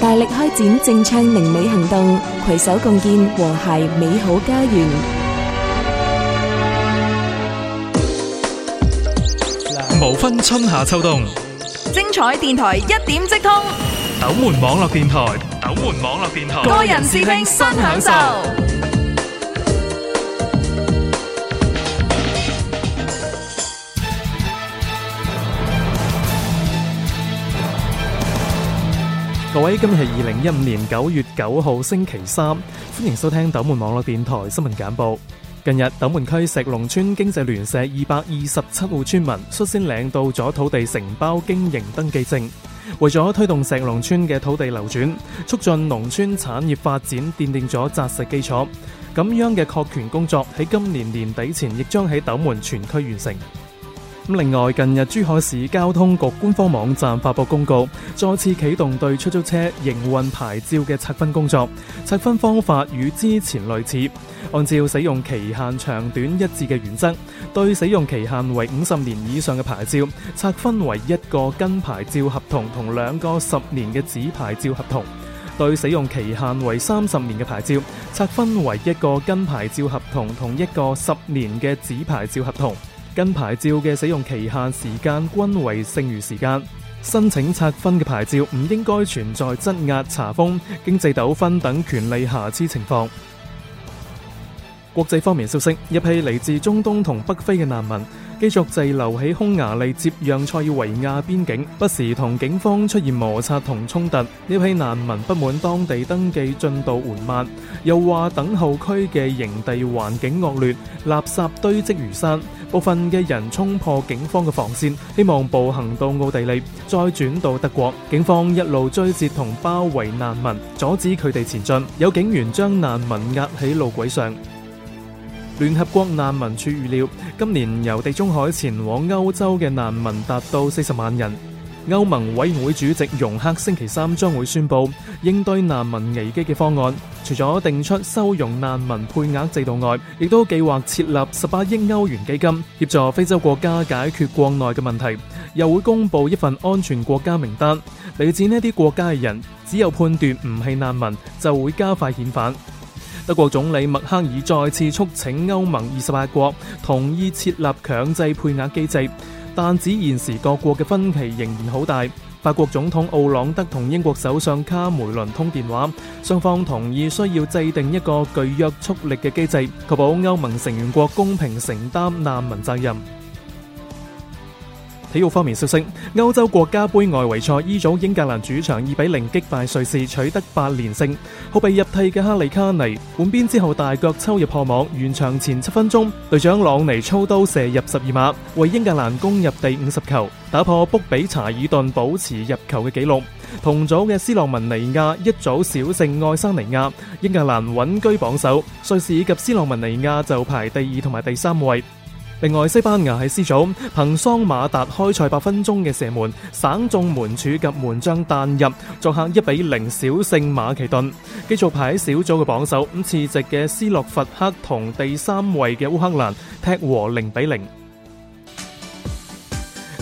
大力開展淨暢寧美行動，攜手共建和諧美好家園。無分春夏秋冬，精彩電台一點即通。斗門網絡電台，斗門網絡電台，個人視聽新享受。各位，今日係二零一五年九月九號星期三，歡迎收聽斗門網絡電台新聞簡報。近日，斗門區石龍村經濟聯社二百二十七戶村民率先領到咗土地承包經營登記證，為咗推動石龍村嘅土地流轉，促進農村產業發展奠定咗紮實基礎。咁樣嘅確權工作喺今年年底前亦將喺斗門全區完成。咁另外，近日珠海市交通局官方網站發布公告，再次啟動對出租車營運牌照嘅拆分工作。拆分方法與之前類似，按照使用期限長短一致嘅原則，對使用期限為五十年以上嘅牌照拆分為一個跟牌照合同同兩個十年嘅紙牌照合同；對使用期限為三十年嘅牌照拆分為一個跟牌照合同同一個十年嘅紙牌照合同。跟牌照嘅使用期限時間均為剩餘時間。申請拆分嘅牌照唔應該存在質押、查封、經濟糾紛等權利瑕疵情況。國際方面消息，一批嚟自中東同北非嘅難民繼續滯留喺匈牙利接壤塞爾維亞邊境，不時同警方出現摩擦同衝突。呢批難民不滿當地登記進度緩慢，又話等候區嘅營地環境惡劣，垃圾堆積如山。部分嘅人衝破警方嘅防線，希望步行到奧地利，再轉到德國。警方一路追截同包圍難民，阻止佢哋前進。有警員將難民壓喺路軌上。聯合國難民署預料，今年由地中海前往歐洲嘅難民達到四十萬人。歐盟委員會主席容克星期三將會宣布應對難民危機嘅方案，除咗定出收容難民配額制度外，亦都計劃設立十八億歐元基金協助非洲國家解決國內嘅問題，又會公布一份安全國家名單，嚟自呢啲國家嘅人，只有判斷唔係難民，就會加快遣返。德國總理默克爾再次促請歐盟二十八國同意設立強制配額機制。但指現時各國嘅分歧仍然好大。法國總統奧朗德同英國首相卡梅倫通電話，雙方同意需要制定一個具約束力嘅機制，確保歐盟成員國公平承擔難民責任。體育方面消息，歐洲國家杯外圍賽 E 組英格蘭主場二比零擊敗瑞士，取得八連勝。後備入替嘅哈利卡尼換邊之後，大腳抽入破網。完場前七分鐘，隊長朗尼操刀射入十二碼，為英格蘭攻入第五十球，打破卜比查爾頓保持入球嘅紀錄。同組嘅斯洛文尼亞一早小勝愛沙尼亞，英格蘭穩居榜首，瑞士及斯洛文尼亞就排第二同埋第三位。另外，西班牙喺 C 組，憑桑馬達開賽八分鐘嘅射門，省中門柱及門將彈入，作客一比零小勝馬其頓，繼續排喺小組嘅榜首。咁次席嘅斯洛伐克同第三位嘅烏克蘭踢和零比零。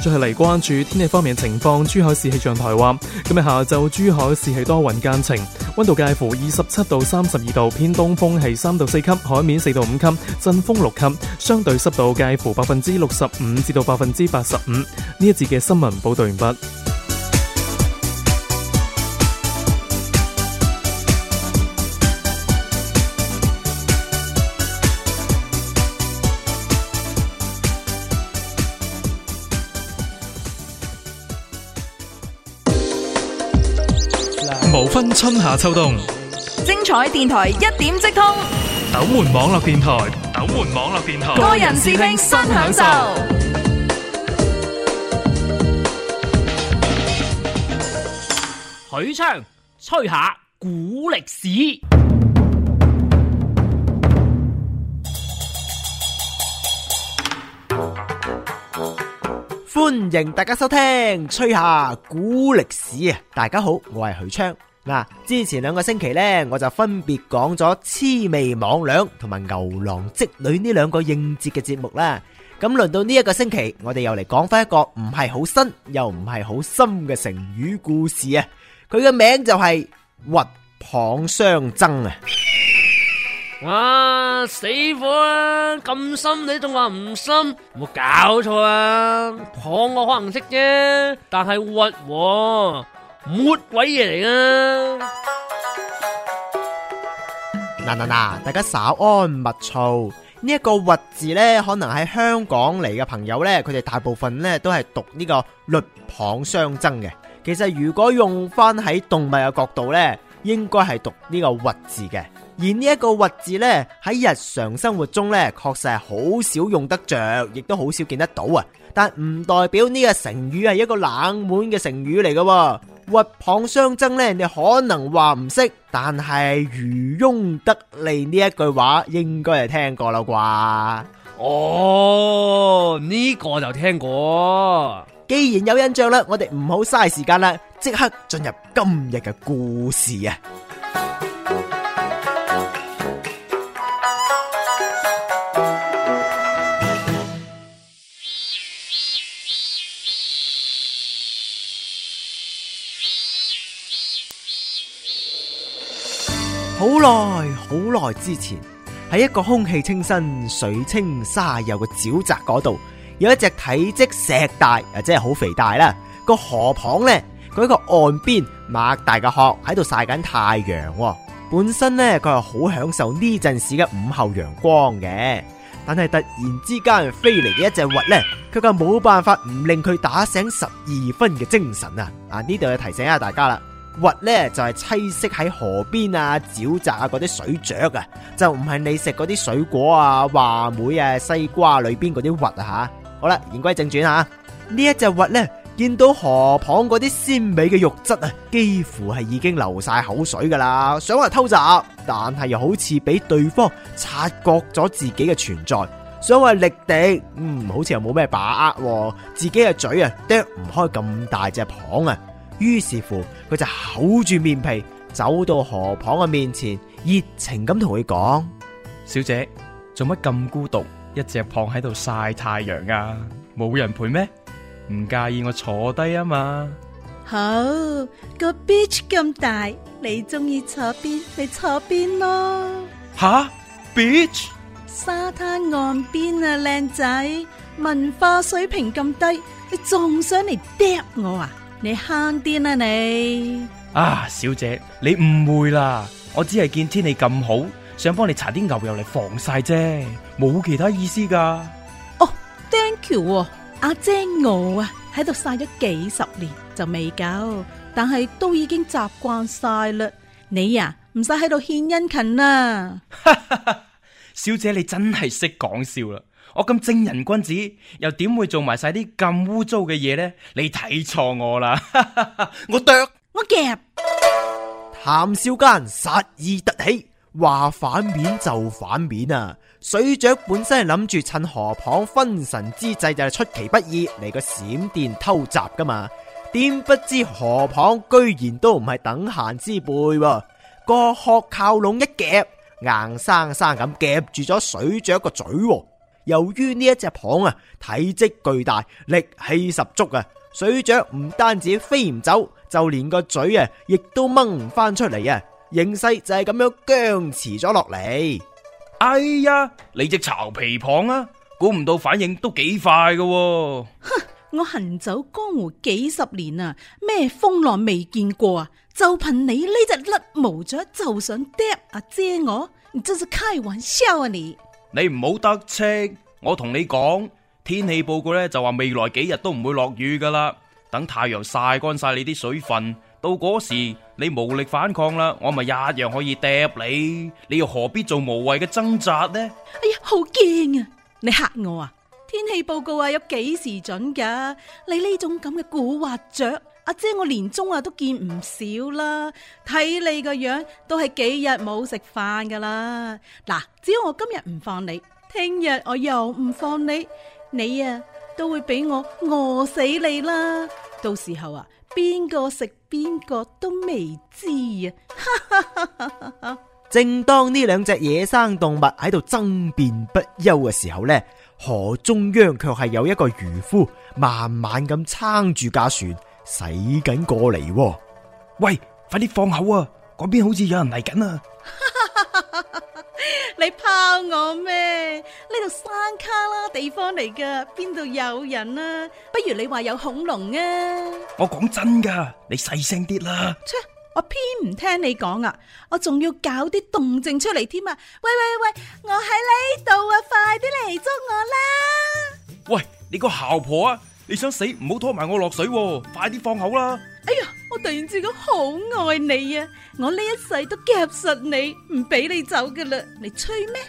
再係嚟關注天氣方面情況，珠海市氣象台話今日下晝珠海市係多雲間晴，温度介乎二十七到三十二度，偏東風係三到四級，海面四到五級，陣風六級，相對濕度介乎百分之六十五至到百分之八十五。呢一節嘅新聞報道完畢。春夏秋冬，精彩電台一點即通。斗門網絡電台，斗門網絡電台，個人視聽新享受。許昌吹下古歷史，歡迎大家收聽《吹下古歷史》。大家好，我係許昌。嗱，之前兩個星期呢，我就分別講咗《魑魅魍魎》同埋《牛郎織女》呢兩個應節嘅節目啦。咁輪到呢一個星期，我哋又嚟講翻一個唔係好新又唔係好深嘅成語故事啊。佢嘅名就係鷸蚌相爭啊！哇，死火啊！咁深你仲話唔深？冇搞錯啊！蚌我可能識啫，但係鷸喎。乜鬼嘢嚟啊！嗱嗱嗱，大家稍安勿躁。呢、這、一個鷸字呢，可能喺香港嚟嘅朋友呢，佢哋大部分呢都係讀呢個律蚌相爭嘅。其實如果用翻喺動物嘅角度呢，應該係讀呢個鷸字嘅。而呢一個鷸字呢，喺日常生活中呢，確實係好少用得着，亦都好少見得到啊。但唔代表呢個成語係一個冷門嘅成語嚟嘅。鷸蚌相爭咧，你可能話唔識，但係漁翁得利呢一句話，應該係聽過啦啩？哦，呢、這個就聽過。既然有印象啦，我哋唔好嘥時間啦，即刻進入今日嘅故事啊！好耐好耐之前，喺一個空氣清新、水清沙幼嘅沼澤嗰度，有一隻體積碩大，誒，即係好肥大啦。個河蚌呢，佢喺個岸邊擘大個殼喺度晒緊太陽，哦。本身呢，佢係好享受呢陣時嘅午後陽光嘅。但係突然之間飛嚟嘅一隻核呢，佢就冇辦法唔令佢打醒十二分嘅精神啊！啊，呢度要提醒下大家啦。核咧就係棲息喺河邊啊，沼澤啊嗰啲水雀啊，就唔係你食嗰啲水果啊、話梅啊、西瓜啊裏邊嗰啲核啊吓、啊。好啦，言歸正傳啊，一隻核呢，一隻核咧見到河蚌嗰啲鮮美嘅肉質啊，幾乎係已經流晒口水噶啦，想話、啊、偷襲，但係又好似俾對方察覺咗自己嘅存在，想話、啊、力敵，嗯，好似又冇咩把握、啊，自己嘅嘴啊啄唔開咁大隻蚌啊。於是乎，佢就厚住面皮走到河蚌嘅面前，熱情咁同佢講：小姐，做乜咁孤獨，一隻蚌喺度晒太陽啊？冇人陪咩？唔介意我坐低啊嘛？好個、oh, beach 咁大，你中意坐邊，你坐邊咯。吓 beach 沙灘岸邊啊，靚仔，文化水平咁低，你仲想嚟嗲我啊？你慳啲啦你！啊，小姐，你誤會啦，我只係見天氣咁好，想幫你搽啲牛油嚟防曬啫，冇其他意思噶。哦，Thank you，阿姐我啊，喺度曬咗幾十年就未夠，但係都已經習慣晒嘞。你呀、啊，唔使喺度獻殷勤啦。 小姐，你真係識講笑啦。我咁正人君子，又點會做埋晒啲咁污糟嘅嘢呢？你睇錯我啦！ 我啄的，我夾夾。談笑間殺意突起，話反面就反面啊！水雀本身係諗住趁河蚌分神之際就係、是、出其不意嚟個閃電偷襲噶嘛，點不知河蚌居然都唔係等閒之輩、啊，個殼靠攏一夾，硬生生咁夾住咗水雀個嘴。由於呢一隻蚌啊，體積巨大，力氣十足啊，水雀唔單止飛唔走，就連個嘴啊，亦都掹唔翻出嚟啊，形勢就係咁樣僵持咗落嚟。哎呀，你隻巢皮蚌啊，估唔到反應都幾快噶！哼，我行走江湖幾十年啊，咩風浪未見過啊，就憑你呢隻甩毛雀就想掟啊遮我，你真係開玩笑啊你！你唔好得戚，我同你講天氣報告呢就話未來幾日都唔會落雨噶啦，等太陽曬乾晒你啲水分，到嗰時你無力反抗啦，我咪一樣可以嗒你，你又何必做無謂嘅掙扎呢？哎呀，好驚啊！你嚇我啊？天氣報告啊，有幾時準噶？你呢種咁嘅古惑著？阿姐，我年終啊都見唔少啦，睇你個樣都係幾日冇食飯噶啦。嗱，只要我今日唔放你，聽日我又唔放你，你呀都會俾我餓死你啦。到時候啊，邊個食邊個都未知啊。 正當呢兩隻野生動物喺度爭辯不休嘅時候呢，河中央卻係有一個漁夫慢慢咁撐住架船。使緊過嚟喎，喂！快啲放口啊！嗰邊好似有人嚟緊啊！ 你怕我咩？呢度山卡啦地方嚟噶，邊度有人啊？不如你話有恐龍啊，啊！我講真噶，你細聲啲啦！切，我偏唔聽你講啊！我仲要搞啲動靜出嚟添啊！喂喂喂，我喺呢度啊！快啲嚟捉我啦！喂，你個姣婆啊！你想死唔好拖埋我落水，快啲放口啦！哎呀，我突然之間好愛你啊！我呢一世都夾實你，唔俾你走噶啦！你吹咩？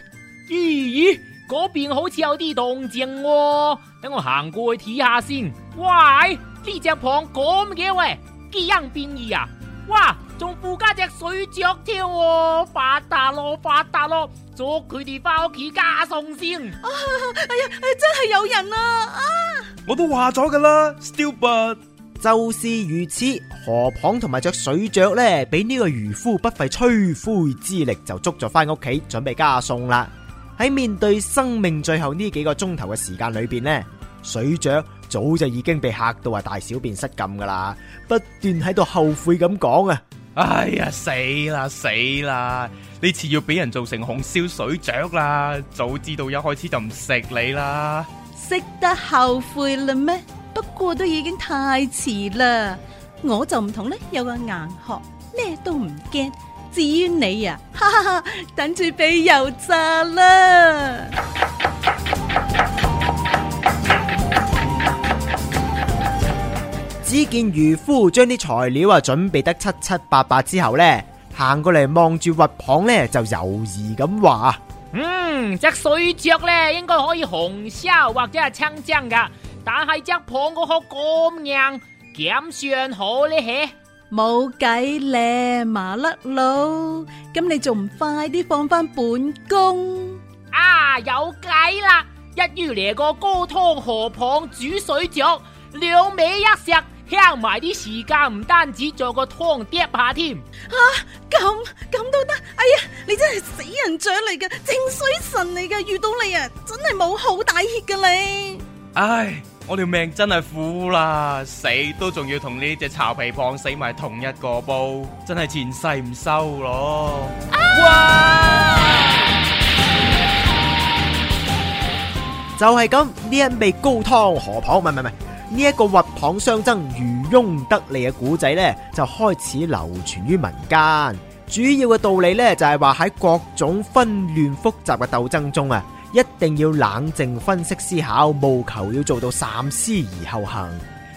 咦咦，哎呦，嗰邊好似有啲動靜，哦，等我行過去睇下先。喂，呢隻蚌咁嘅喂，基因變異啊！哇，仲附加隻水雀添，哦，發達咯，發達咯，捉佢哋翻屋企加餸先。哎呀，哎哎，真係有人啊！哎我都話咗噶啦，stupid。St 就是如此，河蚌同埋着水雀呢，俾呢個漁夫不費吹灰之力就捉咗翻屋企，準備加餸啦。喺面對生命最後呢幾個鐘頭嘅時間裏邊呢，水雀早就已經被嚇到啊！大小便失禁噶啦，不斷喺度後悔咁講啊！哎呀，死啦死啦！呢次要俾人做成紅燒水雀啦，早知道一開始就唔食你啦。識得後悔嘞咩？不過都已經太遲啦！我就唔同咧，有個硬殼，咩都唔驚。至於你啊，哈哈哈，等住俾油炸啦！只見漁夫將啲材料啊準備得七七八八之後呢，行過嚟望住鑊旁呢，就猶豫咁話。嗯，隻水雀咧，應該可以紅燒或者係清蒸噶，但係隻蚌個殼咁硬，點算好呢？吓，冇計咧，麻甩佬，咁你仲唔快啲放翻本宮？啊，有計啦，一於嚟個高湯河蚌煮水雀，兩尾一石。慳埋啲時間，唔單止做個湯，嗲下添。吓，咁咁都得？哎呀，你真係死人掌嚟嘅，正衰神嚟嘅，遇到你啊，真係冇好大血噶你。唉，我條命真係苦啦，死都仲要同呢隻臭皮蚌死埋同一個煲，真係前世唔修咯。啊、哇！就係咁，呢一味高湯河蚌？唔唔唔。呢一個鷸蚌相爭，漁翁得利嘅古仔呢，就開始流傳於民間。主要嘅道理呢，就係話喺各種紛亂複雜嘅鬥爭中啊，一定要冷靜分析思考，務求要做到三思而後行。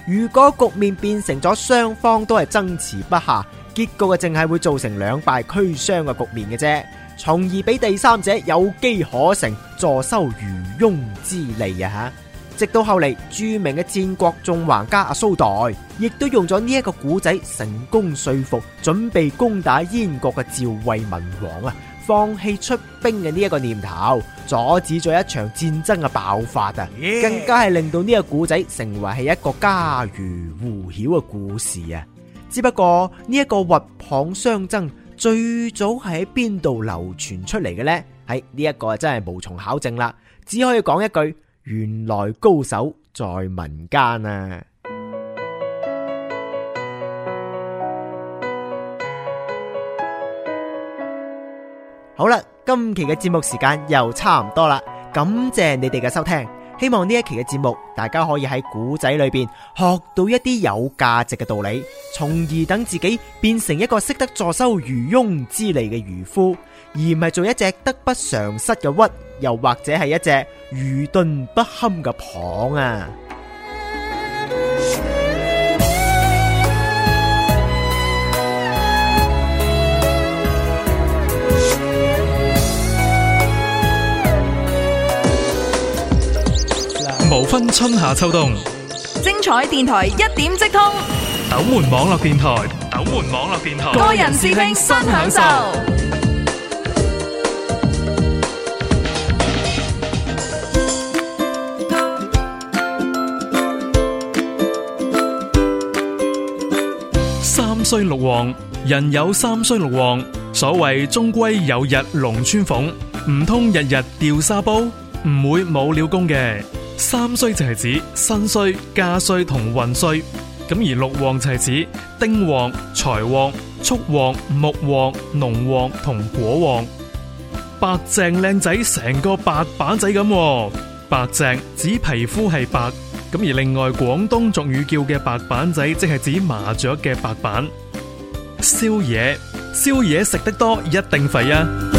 如果局面變成咗雙方都係爭持不下，結局啊，淨係會造成兩敗俱傷嘅局面嘅啫，從而俾第三者有機可乘，坐收漁翁之利啊！吓。直到後嚟，著名嘅戰國縱橫家阿蘇代，亦都用咗呢一個古仔，成功說服準備攻打燕國嘅趙惠文王啊，放棄出兵嘅呢一個念頭，阻止咗一場戰爭嘅爆發啊，更加係令到呢一個古仔成為係一個家喻戶曉嘅故事啊！只不過呢一個鷸蚌相爭，最早係喺邊度流傳出嚟嘅呢？喺呢一個真係無從考證啦，只可以講一句。原來高手在民間啊！好啦，今期嘅節目時間又差唔多啦，感謝你哋嘅收聽。希望呢一期嘅節目，大家可以喺古仔裏邊學到一啲有價值嘅道理，從而等自己變成一個識得坐收漁翁之利嘅漁夫，而唔係做一隻得不償失嘅鷸，又或者係一隻愚鈍不堪嘅蚌啊！無分春夏秋冬，精彩電台一點即通。斗門網絡電台，斗門網絡電台，個人視聽新享受。三衰六旺，人有三衰六旺，所謂終歸有日龍穿鳳，唔通日日掉沙煲，唔會冇料工嘅。三衰就係指身衰、家衰同運衰，咁而六旺就係指丁旺、財旺、畜旺、木旺、農旺同果旺。白淨靚仔，成個白板仔咁。白淨指皮膚係白，咁而另外廣東俗語叫嘅白板仔，即係指麻雀嘅白板。宵夜，宵夜食得多一定肥啊！